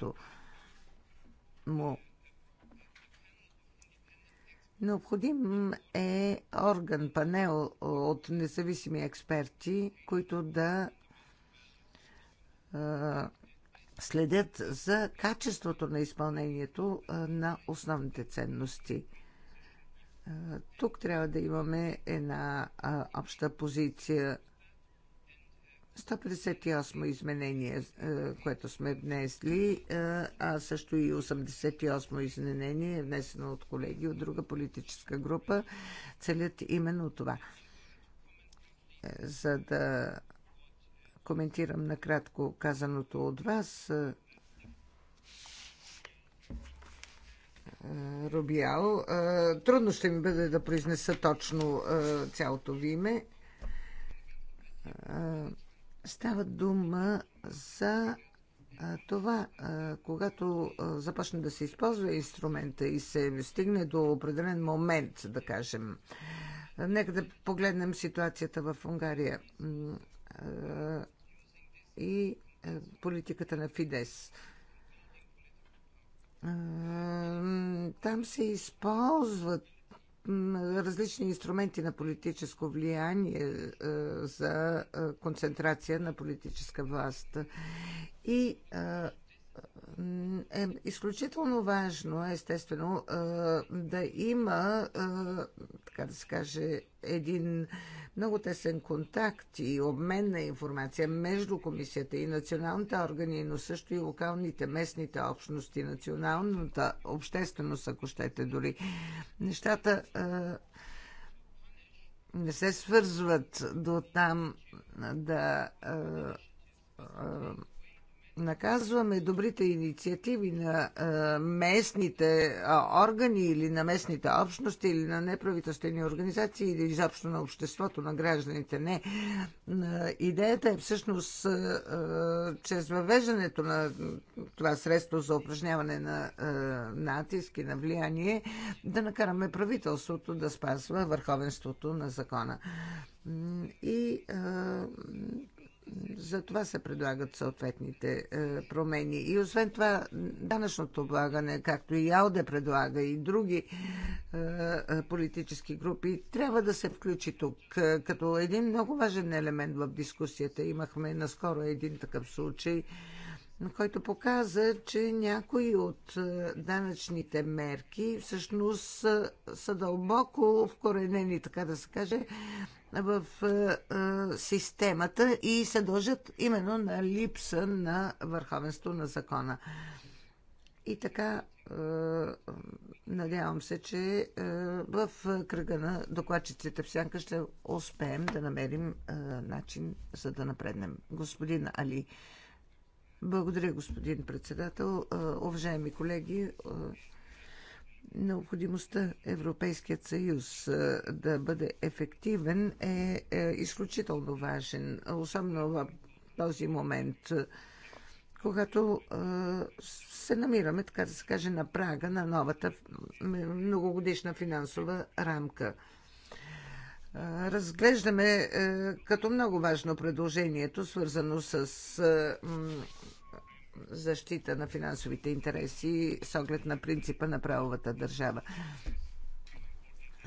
което му. Необходим е орган, панел от независими експерти, които да следят за качеството на изпълнението на основните ценности. Тук трябва да имаме една обща позиция 158 изменение, е, което сме внесли, е, а също и 88 изменение, е внесено от колеги от друга политическа група, целят именно това. Е, за да коментирам накратко казаното от вас, Рубиал. Трудно ще ми бъде да произнеса точно цялото ви име. Става дума за това, когато започне да се използва инструмента и се стигне до определен момент, да кажем, нека да погледнем ситуацията в Унгария и политиката на Фидес. Там се използват различни инструменти на политическо влияние е, за е, концентрация на политическа власт. И е, е изключително важно, естествено, да има, така да се каже, един много тесен контакт и обмен на информация между комисията и националните органи, но също и локалните, местните общности, националната общественост, ако щете дори. Нещата не се свързват до там да наказваме добрите инициативи на а, местните а, органи или на местните общности или на неправителствени организации или изобщо на обществото, на гражданите. Не. А, идеята е всъщност, а, а, чрез въвеждането на това средство за упражняване на а, натиск и на влияние, да накараме правителството да спазва върховенството на закона. И а, за това се предлагат съответните е, промени. И освен това, данъчното облагане, както и АЛДЕ предлага и други е, е, политически групи, трябва да се включи тук като един много важен елемент в дискусията. Имахме наскоро един такъв случай който показа, че някои от е, данъчните мерки всъщност са, са дълбоко вкоренени, така да се каже, в е, е, системата и се дължат именно на липса на върховенство на закона. И така, надявам се, че в кръга на докладчиците в Сянка ще успеем да намерим начин, за да напреднем. Господин Али, благодаря, господин председател. Уважаеми колеги, необходимостта Европейският съюз да бъде ефективен е, е изключително важен, особено в този момент, когато се намираме, така да се каже, на прага на новата многогодишна финансова рамка – разглеждаме е, като много важно предложението, свързано с е, защита на финансовите интереси с оглед на принципа на правовата държава.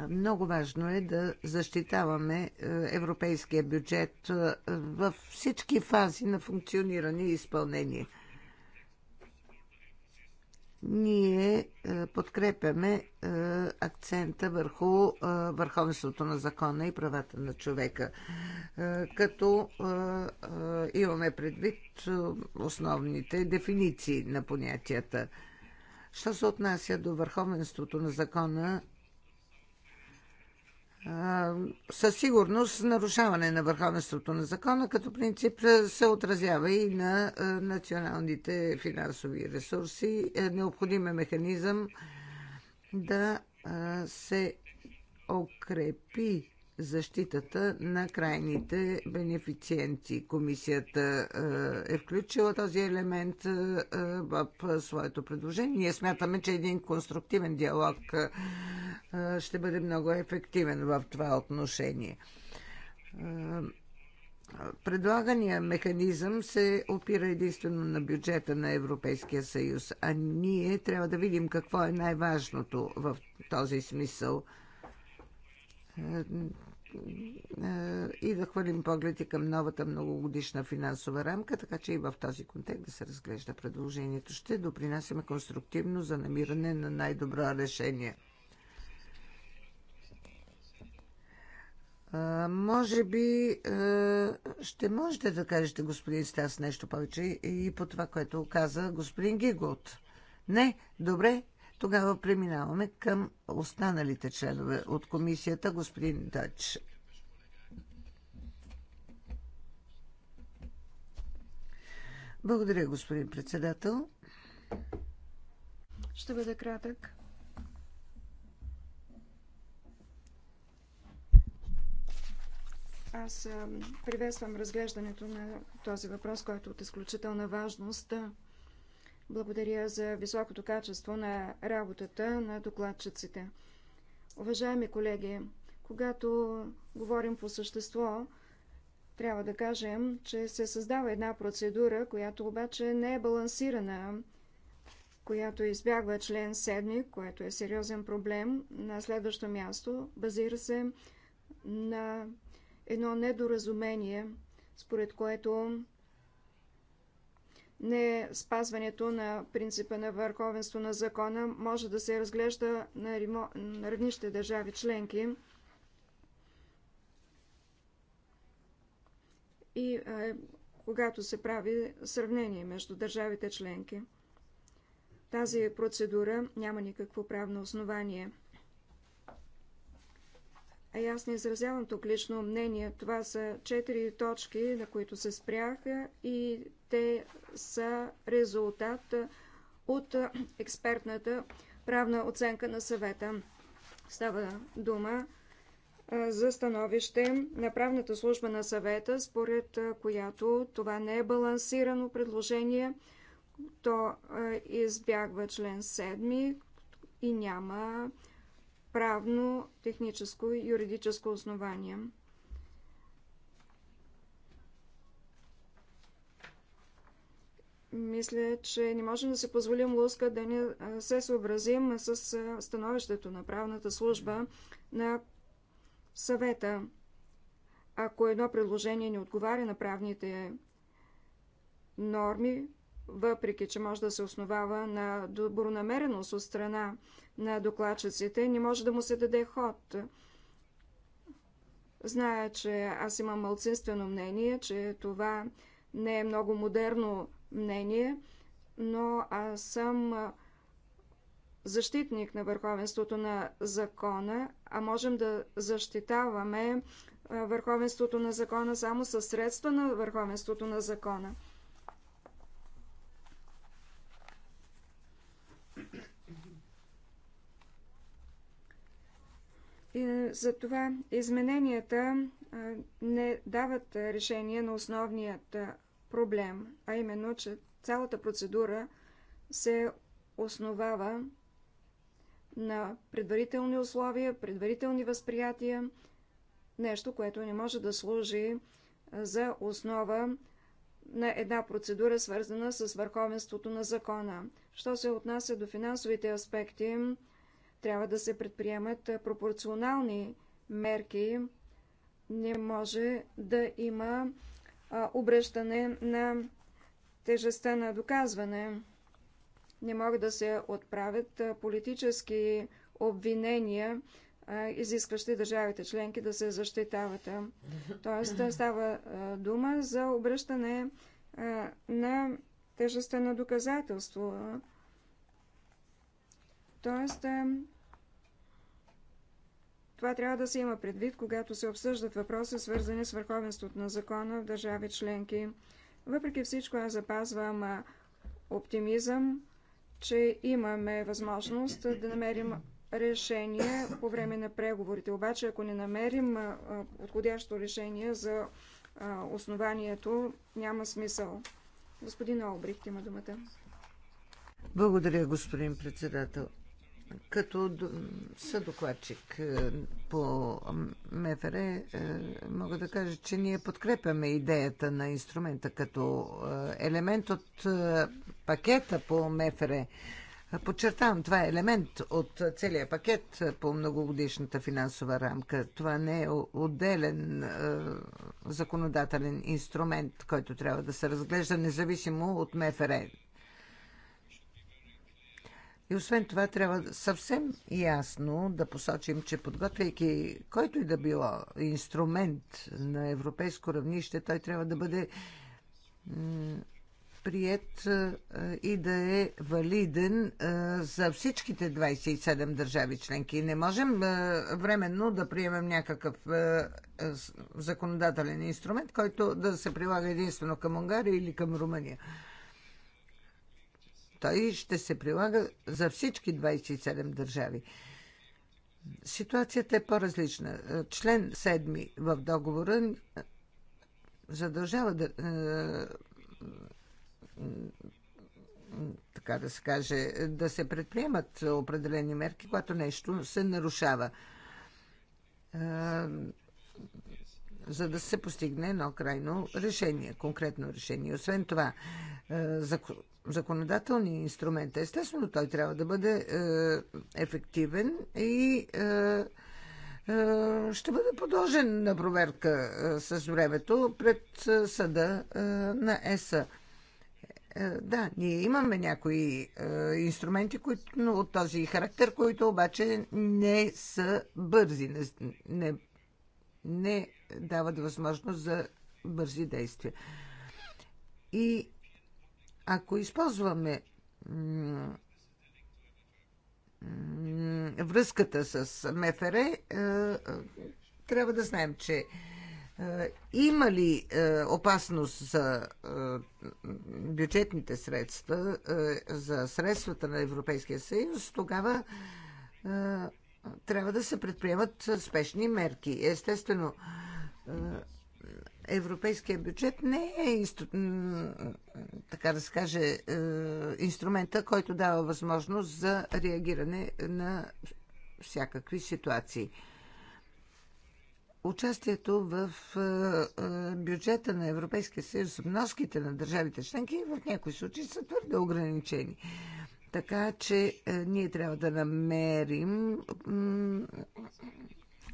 Много важно е да защитаваме е, европейския бюджет във всички фази на функциониране и изпълнение – ние е, подкрепяме е, акцента върху е, върховенството на закона и правата на човека, като имаме предвид основните дефиниции на понятията. Що се отнася до върховенството на закона, със сигурност нарушаване на върховенството на закона като принцип е, се отразява и на е, националните финансови ресурси. Е, необходим е механизъм да се окрепи защитата на крайните бенефициенти. Комисията е, е включила този елемент е, е, в своето предложение. Ние смятаме, че един конструктивен диалог ще бъде много ефективен в това отношение. Предлагания механизъм се опира единствено на бюджета на Европейския съюз, а ние трябва да видим какво е най-важното в този смисъл – е, е, и да хвърлим погледи към новата многогодишна финансова рамка, така че и в този контекст да се разглежда предложението. Ще допринасяме конструктивно за намиране на най-добро решение. Е, може би ще можете да кажете, господин Стас, нещо повече и по това, което каза господин Гигот. Не, добре, тогава преминаваме към останалите членове от комисията, господин Дач. Благодаря, господин председател. Ще бъда кратък. Аз приветствам разглеждането на този въпрос, който е от изключителна важност. Благодаря за високото качество на работата на докладчиците. Уважаеми колеги, когато говорим по същество, трябва да кажем, че се създава една процедура, която обаче не е балансирана, която избягва член 7, което е сериозен проблем. На следващо място базира се на едно недоразумение, според което не спазването на принципа на върховенство на закона може да се разглежда на, римо... на равнище държави членки. И е, когато се прави сравнение между държавите членки. Тази процедура няма никакво правно основание – а аз не изразявам тук лично мнение. Това са четири точки, на които се спряха и те са резултат от експертната правна оценка на съвета. Става дума за становище на правната служба на съвета, според която това не е балансирано предложение. То избягва член 7 и няма правно, техническо и юридическо основание. Мисля, че не можем да си позволим луска да не се съобразим с становището на правната служба на съвета. Ако едно предложение не отговаря на правните норми, въпреки че може да се основава на добронамереност от страна на докладчиците, не може да му се даде ход. Зная, че аз имам мълцинствено мнение, че това не е много модерно мнение, но аз съм защитник на върховенството на закона, а можем да защитаваме върховенството на закона само със средства на върховенството на закона. И е, затова измененията е, не дават решение на основният е, проблем, а именно, че цялата процедура се основава на предварителни условия, предварителни възприятия, нещо, което не може да служи за основа на една процедура, свързана с върховенството на закона. Що се отнася до финансовите аспекти, трябва да се предприемат пропорционални мерки. Не може да има обръщане на тежестта на доказване. Не могат да се отправят политически обвинения, изискващи държавите членки да се защитават. Тоест става дума за обръщане на тежестта на доказателство. Тоест това трябва да се има предвид, когато се обсъждат въпроси, свързани с върховенството на закона в държави членки. Въпреки всичко, аз запазвам оптимизъм, че имаме възможност да намерим решение по време на преговорите. Обаче, ако не намерим подходящо решение за основанието, няма смисъл. Господин Олбрихт има думата. Благодаря, господин председател като съдокладчик е, по МФР е, мога да кажа, че ние подкрепяме идеята на инструмента като е, елемент от пакета по МФР. Подчертавам, това е елемент от целия пакет по многогодишната финансова рамка. Това не е отделен законодателен инструмент, който трябва да се разглежда независимо от МФР. И освен това трябва съвсем ясно да посочим, че подготвяйки който и да било инструмент на европейско равнище, той трябва да бъде прият и да е валиден за всичките 27 държави членки. Не можем временно да приемем някакъв законодателен инструмент, който да се прилага единствено към Унгария или към Румъния. Той ще се прилага за всички 27 държави. Ситуацията е по-различна. Член 7 в договора задължава да, е, така да се каже, да се предприемат определени мерки, когато нещо се нарушава. Е, за да се постигне едно крайно решение, конкретно решение. Освен това, е, законодателния инструмент. Естествено, той трябва да бъде е, ефективен и е, ще бъде подложен на проверка с времето пред съда на ЕСА. Да, ние имаме някои инструменти които, но от този характер, които обаче не са бързи, не, не, не дават възможност за бързи действия. И ако използваме връзката с МФР, е, трябва да знаем, че е, има ли е, опасност за бюджетните средства, за средствата на Европейския съюз, тогава трябва да се предприемат спешни мерки. Естествено, европейския бюджет не е, така да се каже, е, инструмента, който дава възможност за реагиране на всякакви ситуации. Участието в е, е, бюджета на Европейския съюз, вноските на държавите членки в някои случаи са твърде ограничени. Така че ние трябва да намерим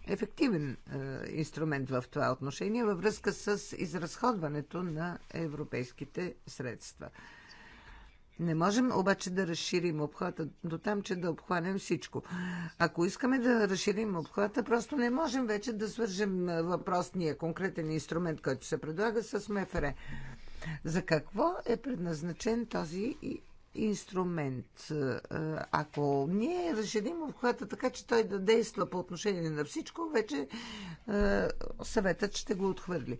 ефективен е, инструмент в това отношение във връзка с изразходването на европейските средства. Не можем обаче да разширим обхвата до там, че да обхванем всичко. Ако искаме да разширим обхвата, просто не можем вече да свържем е, въпросния конкретен инструмент, който се предлага с МФР. За какво е предназначен този инструмент. Е, ако ние разширим обхвата така, че той да действа по отношение на всичко, вече е, съветът ще го отхвърли.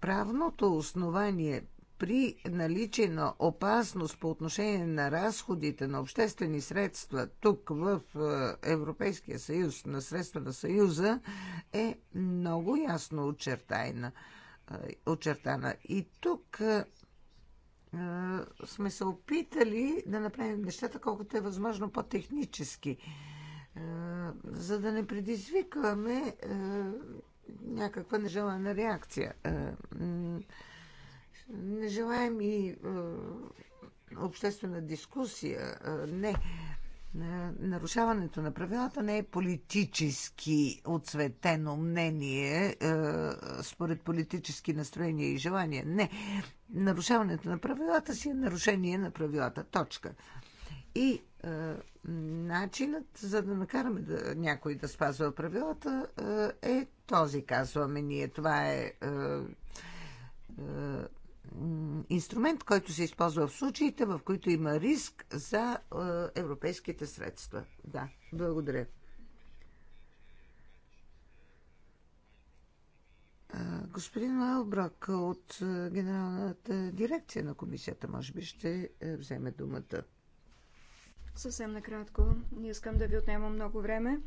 Правното основание при наличие на опасност по отношение на разходите на обществени средства тук в е, Европейския съюз, на средства на съюза, е много ясно очертайна. очертана. И тук е, сме се опитали да направим нещата колкото е възможно по-технически, е, за да не предизвикваме е, някаква нежелана реакция. Не желаем и обществена дискусия. Не. Е, нарушаването на правилата не е политически отцветено мнение е, според политически настроения и желания. Не. Нарушаването на правилата си е нарушение на правилата. Точка. И е, начинът за да накараме да, някой да спазва правилата е, е този, казваме ние. Това е, е, е инструмент, който се използва в случаите, в които има риск за е, европейските средства. Да, благодаря. Господин Лайлбрак от е, Генералната дирекция на комисията, може би, ще е, вземе думата. Съвсем накратко. Не искам да ви отнема много време.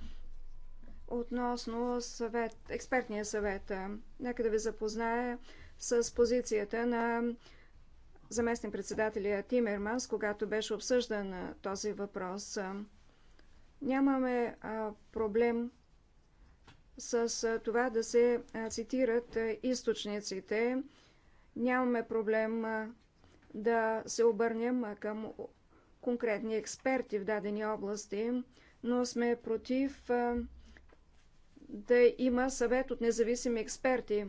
Относно съвет, експертния съвет, нека да ви запозная с позицията на заместен председателя Тимерманс, когато беше обсъждан този въпрос. Нямаме проблем с това да се цитират източниците. Нямаме проблем да се обърнем към конкретни експерти в дадени области, но сме против да има съвет от независими експерти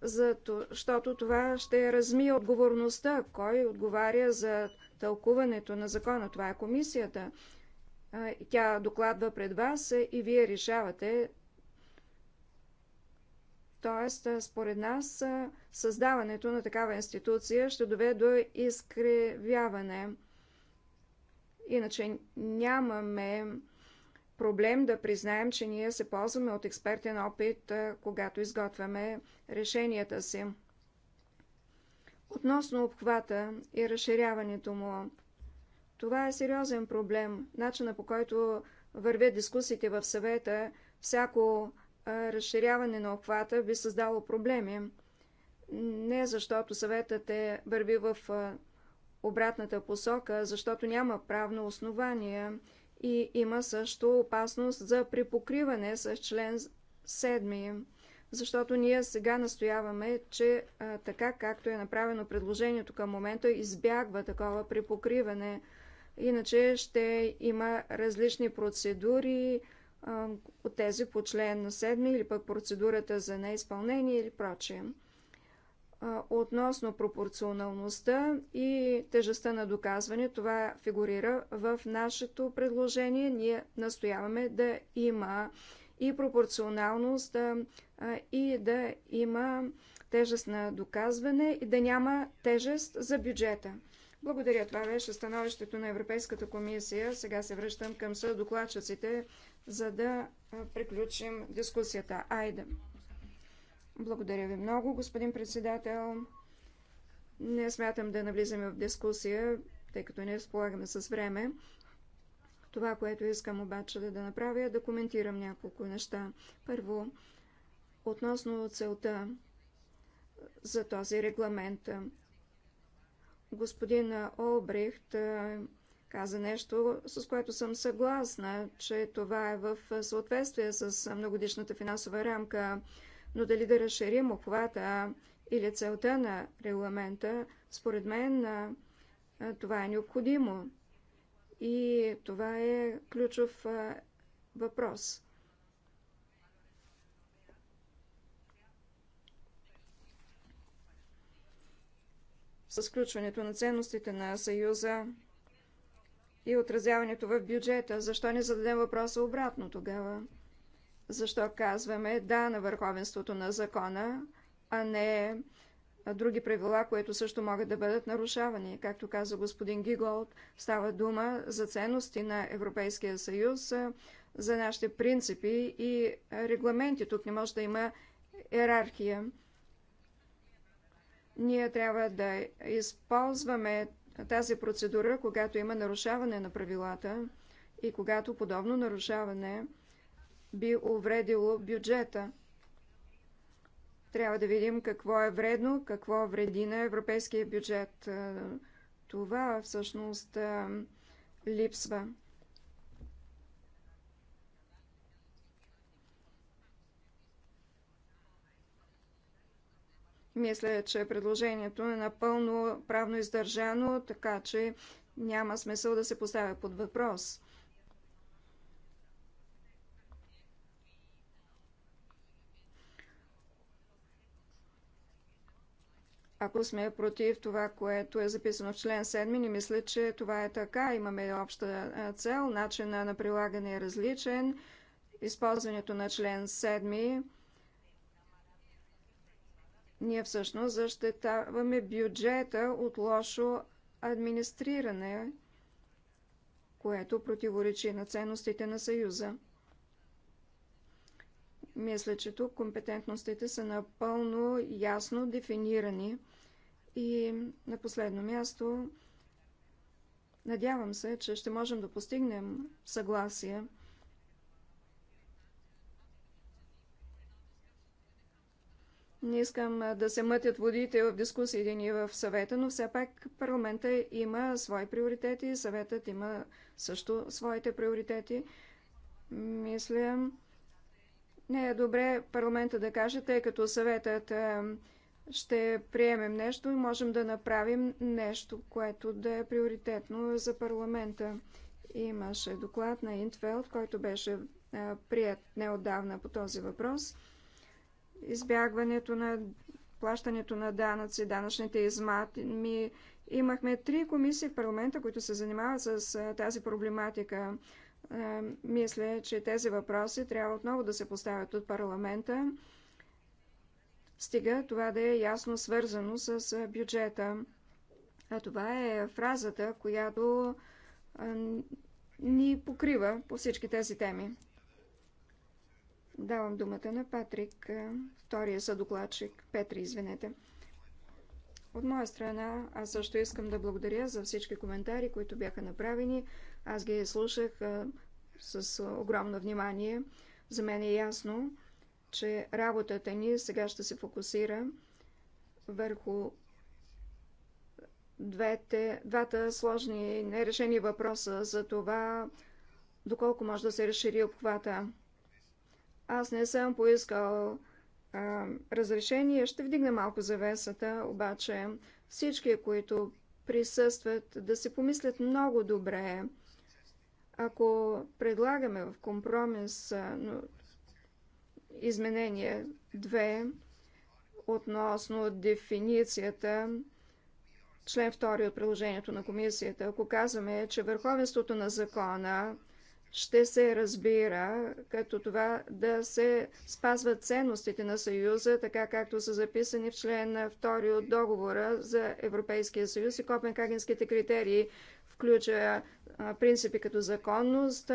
защото това ще размие отговорността. Кой отговаря за тълкуването на закона? Това е комисията. Тя докладва пред вас и вие решавате. Тоест, според нас, създаването на такава институция ще доведе до изкривяване. Иначе нямаме проблем да признаем, че ние се ползваме от експертен опит, когато изготвяме решенията си. Относно обхвата и разширяването му, това е сериозен проблем. Начина по който вървят дискусиите в съвета, всяко разширяване на обхвата би създало проблеми. Не защото съветът е върви в обратната посока, защото няма правно основание и има също опасност за припокриване с член 7, защото ние сега настояваме, че а, така както е направено предложението към момента, избягва такова припокриване. Иначе ще има различни процедури а, от тези по член 7 или пък процедурата за неизпълнение или прочее относно пропорционалността и тежестта на доказване. Това фигурира в нашето предложение. Ние настояваме да има и пропорционалност, и да има тежест на доказване, и да няма тежест за бюджета. Благодаря. Това беше становището на Европейската комисия. Сега се връщам към съдокладчиците, за да приключим дискусията. Айде! Благодаря ви много, господин председател. Не смятам да навлизаме в дискусия, тъй като не разполагаме с време. Това, което искам обаче да направя, е да коментирам няколко неща. Първо, относно целта за този регламент. Господин Олбрихт каза нещо, с което съм съгласна, че това е в съответствие с многодишната финансова рамка но дали да разширим обхвата или целта на регламента, според мен това е необходимо. И това е ключов въпрос. С включването на ценностите на Съюза и отразяването в бюджета, защо не зададем въпроса обратно тогава? защо казваме да на върховенството на закона, а не други правила, които също могат да бъдат нарушавани. Както каза господин Гиголд, става дума за ценности на Европейския съюз, за нашите принципи и регламенти. Тук не може да има иерархия. Ние трябва да използваме тази процедура, когато има нарушаване на правилата и когато подобно нарушаване би увредило бюджета. Трябва да видим какво е вредно, какво вреди на европейския бюджет. Това всъщност липсва. Мисля, че предложението е напълно правно издържано, така че няма смисъл да се поставя под въпрос. Ако сме против това, което е записано в член 7, не мисля, че това е така. Имаме обща цел, начина на прилагане е различен. Използването на член 7 ние всъщност защитаваме бюджета от лошо администриране, което противоречи на ценностите на Съюза. Мисля, че тук компетентностите са напълно ясно дефинирани. И на последно място, надявам се, че ще можем да постигнем съгласие. Не искам да се мътят водите в дискусии един и в съвета, но все пак парламента има свои приоритети, съветът има също своите приоритети. Мисля, не е добре парламента да каже, тъй като съветът е, ще приемем нещо и можем да направим нещо, което да е приоритетно за парламента. Имаше доклад на Интфелд, който беше е, прият неодавна по този въпрос. Избягването на плащането на данъци, данъчните измами. Имахме три комисии в парламента, които се занимават с е, тази проблематика. Е, мисля, че тези въпроси трябва отново да се поставят от парламента, стига това да е ясно свързано с е, бюджета. А това е фразата, която е, ни покрива по всички тези теми. Давам думата на Патрик, втория съдокладчик. Петри, извинете. От моя страна, аз също искам да благодаря за всички коментари, които бяха направени. Аз ги слушах с огромно внимание. За мен е ясно, че работата ни сега ще се фокусира върху двете, двата сложни нерешени въпроса за това, доколко може да се разшири обхвата. Аз не съм поискал а, разрешение, ще вдигна малко завесата, обаче всички, които присъстват, да се помислят много добре ако предлагаме в компромис но, изменение 2 относно дефиницията, член 2 от приложението на комисията, ако казваме, че върховенството на закона ще се разбира като това да се спазват ценностите на Съюза, така както са записани в член 2 от договора за Европейския съюз и Копенхагенските критерии, включая принципи като законност,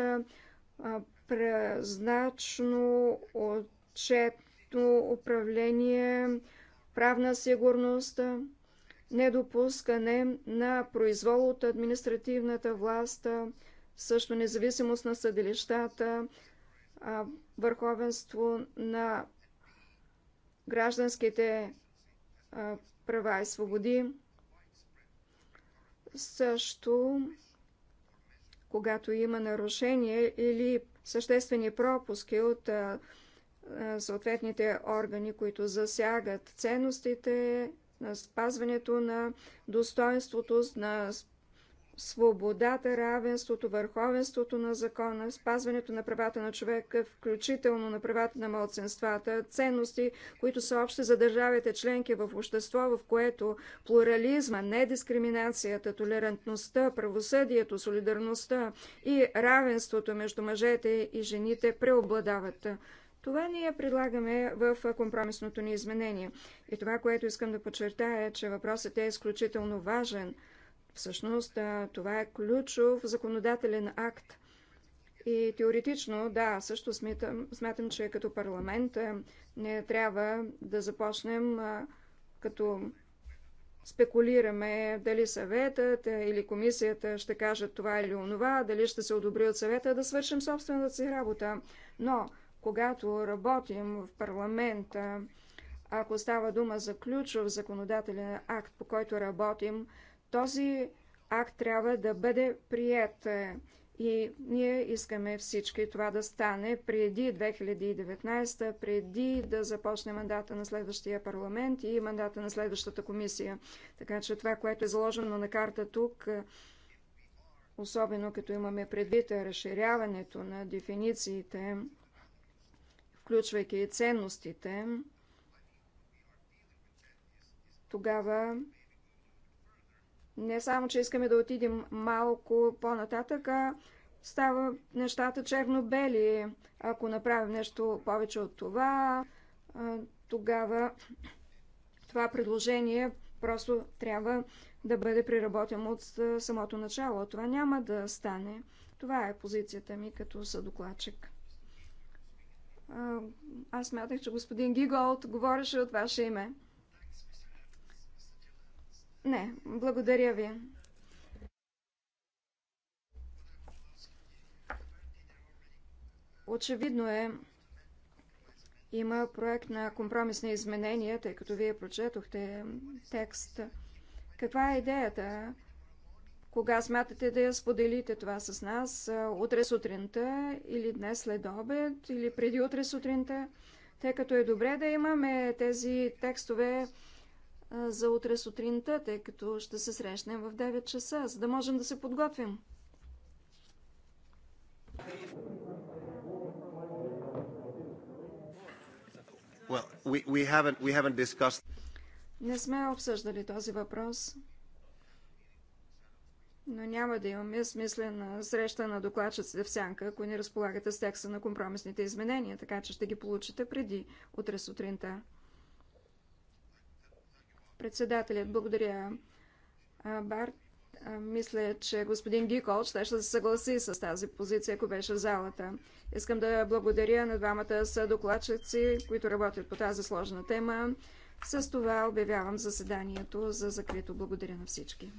прозрачно, отчетно управление, правна сигурност, недопускане на произвол от административната власт, също независимост на съдилищата, върховенство на гражданските права и свободи, също, когато има нарушение или съществени пропуски от а, съответните органи, които засягат ценностите на спазването на достоинството, на свободата, равенството, върховенството на закона, спазването на правата на човека, включително на правата на младсенствата, ценности, които са общи за държавите членки в общество, в което плурализма, недискриминацията, толерантността, правосъдието, солидарността и равенството между мъжете и жените преобладават. Това ние предлагаме в компромисното ни изменение. И това, което искам да подчертая е, че въпросът е изключително важен – Всъщност това е ключов законодателен акт. И теоретично, да, също смятам, смятам че като парламент не трябва да започнем като спекулираме дали съветът или комисията ще кажат това или онова, дали ще се одобри от съвета да свършим собствената си работа. Но когато работим в парламента, ако става дума за ключов законодателен акт, по който работим, този акт трябва да бъде прият и ние искаме всички това да стане преди 2019, преди да започне мандата на следващия парламент и мандата на следващата комисия. Така че това, което е заложено на карта тук, особено като имаме предвид разширяването на дефинициите, включвайки и ценностите, тогава не само, че искаме да отидем малко по-нататък, а става нещата черно-бели. Ако направим нещо повече от това, тогава това предложение просто трябва да бъде преработено от самото начало. Това няма да стане. Това е позицията ми като съдокладчик. Аз мятах, че господин Гиголт говореше от ваше име. Не, благодаря ви. Очевидно е, има проект на компромисни изменения, тъй като вие прочетохте текст. Каква е идеята? Кога смятате да я споделите това с нас? Утре сутринта или днес след обед или преди утре сутринта? Тъй като е добре да имаме тези текстове за утре сутринта, тъй като ще се срещнем в 9 часа, за да можем да се подготвим. Well, we, we haven't, we haven't discussed... Не сме обсъждали този въпрос, но няма да имаме смислена среща на докладчиците в сянка, ако не разполагате с текста на компромисните изменения, така че ще ги получите преди утре сутринта. Председателят, благодаря, Барт. Мисля, че господин Гикол ще, ще се съгласи с тази позиция, ако беше в залата. Искам да благодаря на двамата съдокладчици, които работят по тази сложна тема. С това обявявам заседанието за закрито. Благодаря на всички.